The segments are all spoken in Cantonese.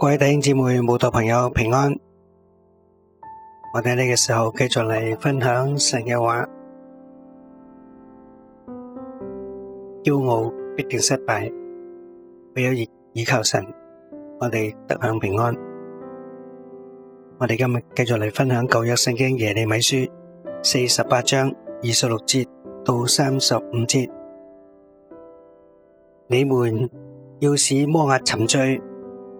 各位弟兄姊妹、慕道朋友平安，我哋呢個時候繼續嚟分享神嘅話，驕傲必定失敗，唯有倚靠神，我哋得享平安。我哋今日繼續嚟分享舊約聖經耶利米書四十八章二十六節到三十五節，你們要使摩押沉醉。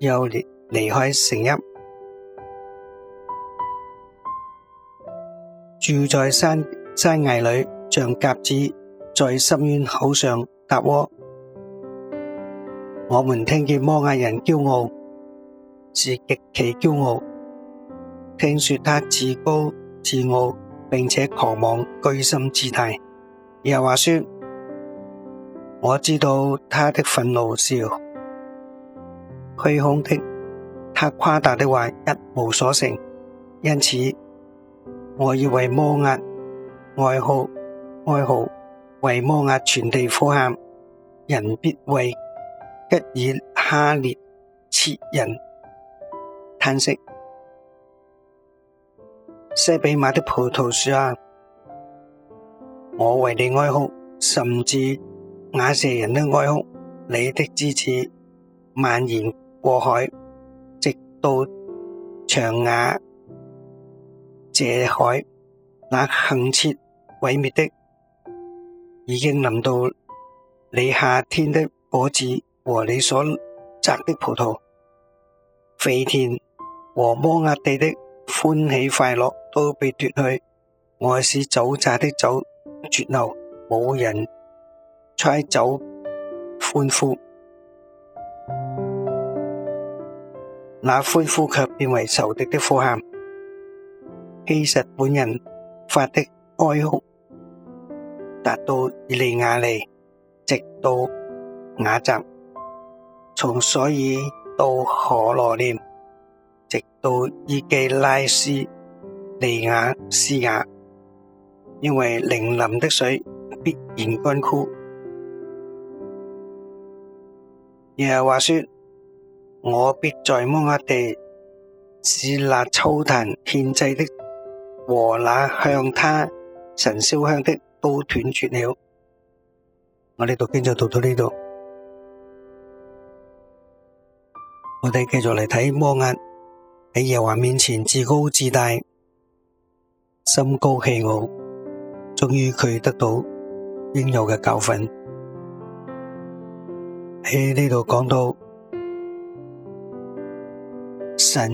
又離離開城邑，住在山山崖裏，像鴿子在深淵口上搭窩。我們聽見摩押人驕傲，是極其驕傲。聽說他自高自傲，並且狂妄居心自大。又話說，我知道他的憤怒笑。虛空的，他誇大的話一無所成，因此我要為摩押哀哭，哀哭為摩押全地呼喊，人必為吉爾哈列切人嘆息。西比馬的葡萄樹啊，我為你哀哭，甚至亞設人的哀哭，你的枝子蔓延。過海，直到長雅謝海，那行毀滅的，已經臨到你夏天的果子和你所摘的葡萄，肥田和摩押地的歡喜快樂都被奪去，我使酒醡的酒絕流，冇人踹酒歡呼。那歡呼却變為仇敵的呼喊，希實本人發的哀哭，達到以利亞利，直到雅雜，從所以到何羅念，直到伊基拉施利施亞，因為寧林的水必然乾枯。然後話說。我必在摩押地使那粗壇獻祭的和那向他神燒香的都斷絕了。我哋讀經就讀到呢度，我哋繼續嚟睇摩押喺耶和華面前自高自大、心高氣傲，終於佢得到應有嘅教訓。喺呢度講到。神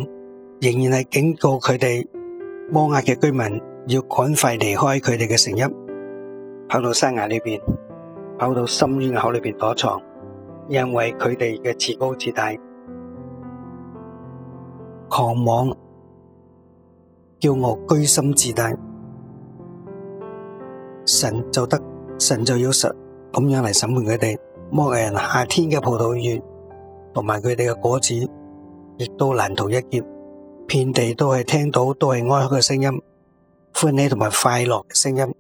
仍然係警告佢哋摩押嘅居民，要趕快離開佢哋嘅城邑，跑到山崖裏邊，跑到深淵嘅口裏邊躲藏，因為佢哋嘅自高自大、狂妄，叫我居心自大，神就得神就要實。咁樣嚟審判佢哋摩押人夏天嘅葡萄園同埋佢哋嘅果子，亦都難逃一劫，遍地都係聽到都係哀哭嘅聲音，歡喜同埋快樂嘅聲音，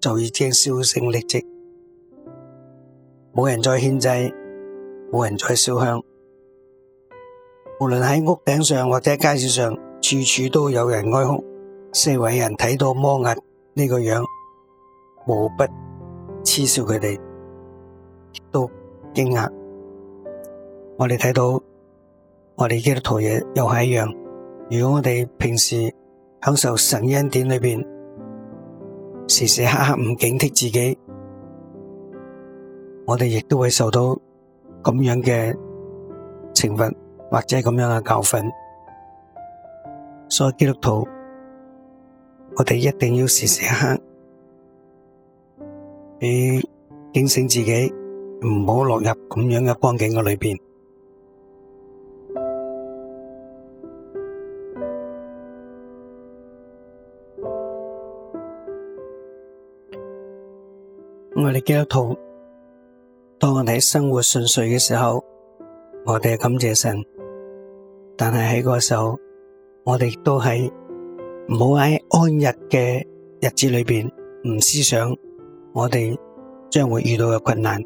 就已經銷聲匿跡，冇人再獻祭，冇人再燒香，無論喺屋頂上或者街市上，處處都有人哀哭，四圍人睇到摩押呢個樣，無不恥笑佢哋都驚訝，我哋睇到。我哋基督徒嘅又係一樣，如果我哋平時享受神恩典裏邊，時時刻刻唔警惕自己，我哋亦都會受到咁樣嘅懲罰或者咁樣嘅教訓。所以基督徒，我哋一定要時時刻刻，俾警醒自己，唔好落入咁樣嘅光景嘅裏邊。我哋基督徒，當我哋喺生活順遂嘅時候，我哋係感謝神；但係喺嗰時候，我哋都喺唔好喺安逸嘅日子裏邊唔思想我哋將會遇到嘅困難。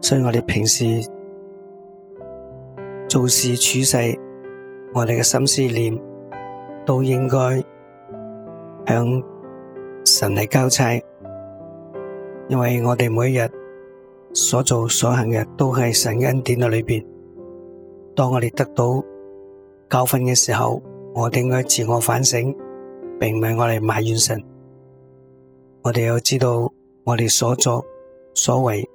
所以我哋平時做事處世，我哋嘅心思念都應該向神嚟交差。因為我哋每日所做所行嘅都係神嘅恩典嘅裏邊，當我哋得到教訓嘅時候，我哋應該自我反省，並唔係我哋埋怨神。我哋要知道我哋所作所為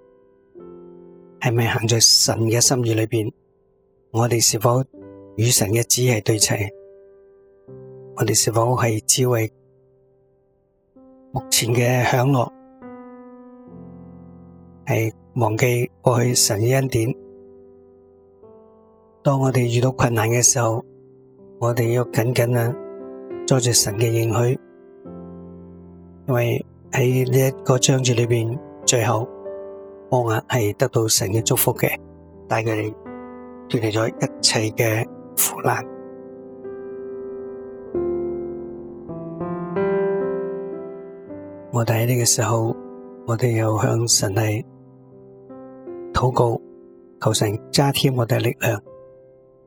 係咪行在神嘅心意裏邊？我哋是否與神嘅旨意對齊？我哋是否係只為目前嘅享樂？係忘記過去神的恩典。當我哋遇到困難嘅時候，我哋要緊緊啊抓住神嘅應許，因為喺呢一個章節裏邊，最後我牙係得到神嘅祝福嘅，帶佢脫離咗一切嘅苦難。我哋喺呢個時候。我哋又向神係禱告，求神加添我哋力量，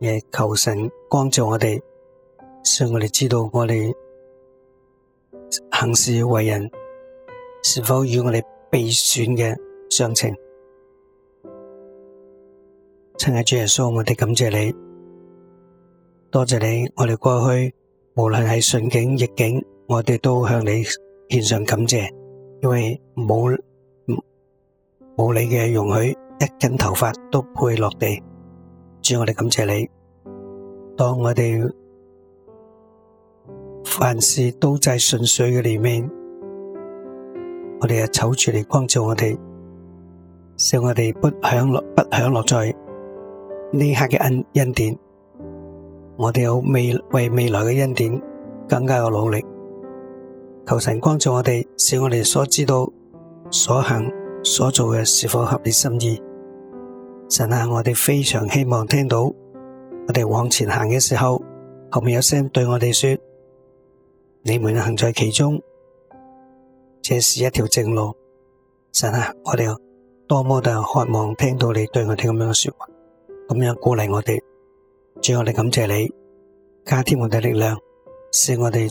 亦求神光照我哋，使我哋知道我哋行事為人是否與我哋被選嘅相稱。親愛的主耶穌，我哋感謝你，多謝你，我哋過去無論係順境逆境，我哋都向你獻上感謝。因為冇冇你嘅容許，一根頭髮都配落地。主，我哋感謝你，當我哋凡事都在順水嘅裏面，我哋就瞅住你光照我哋，使我哋不享樂不享樂在呢刻嘅恩恩典。我哋有未為未來嘅恩典更加有努力。求神光照我哋，使我哋所知道、所行、所做嘅是否合你心意。神啊，我哋非常希望聽到我哋往前行嘅時候，後面有聲對我哋說：你們行在其中，這是一條正路。神啊，我哋多麼地渴望聽到你對我哋咁樣嘅說話，咁樣鼓勵我哋。主，我哋感謝你，加添我哋力量，使我哋。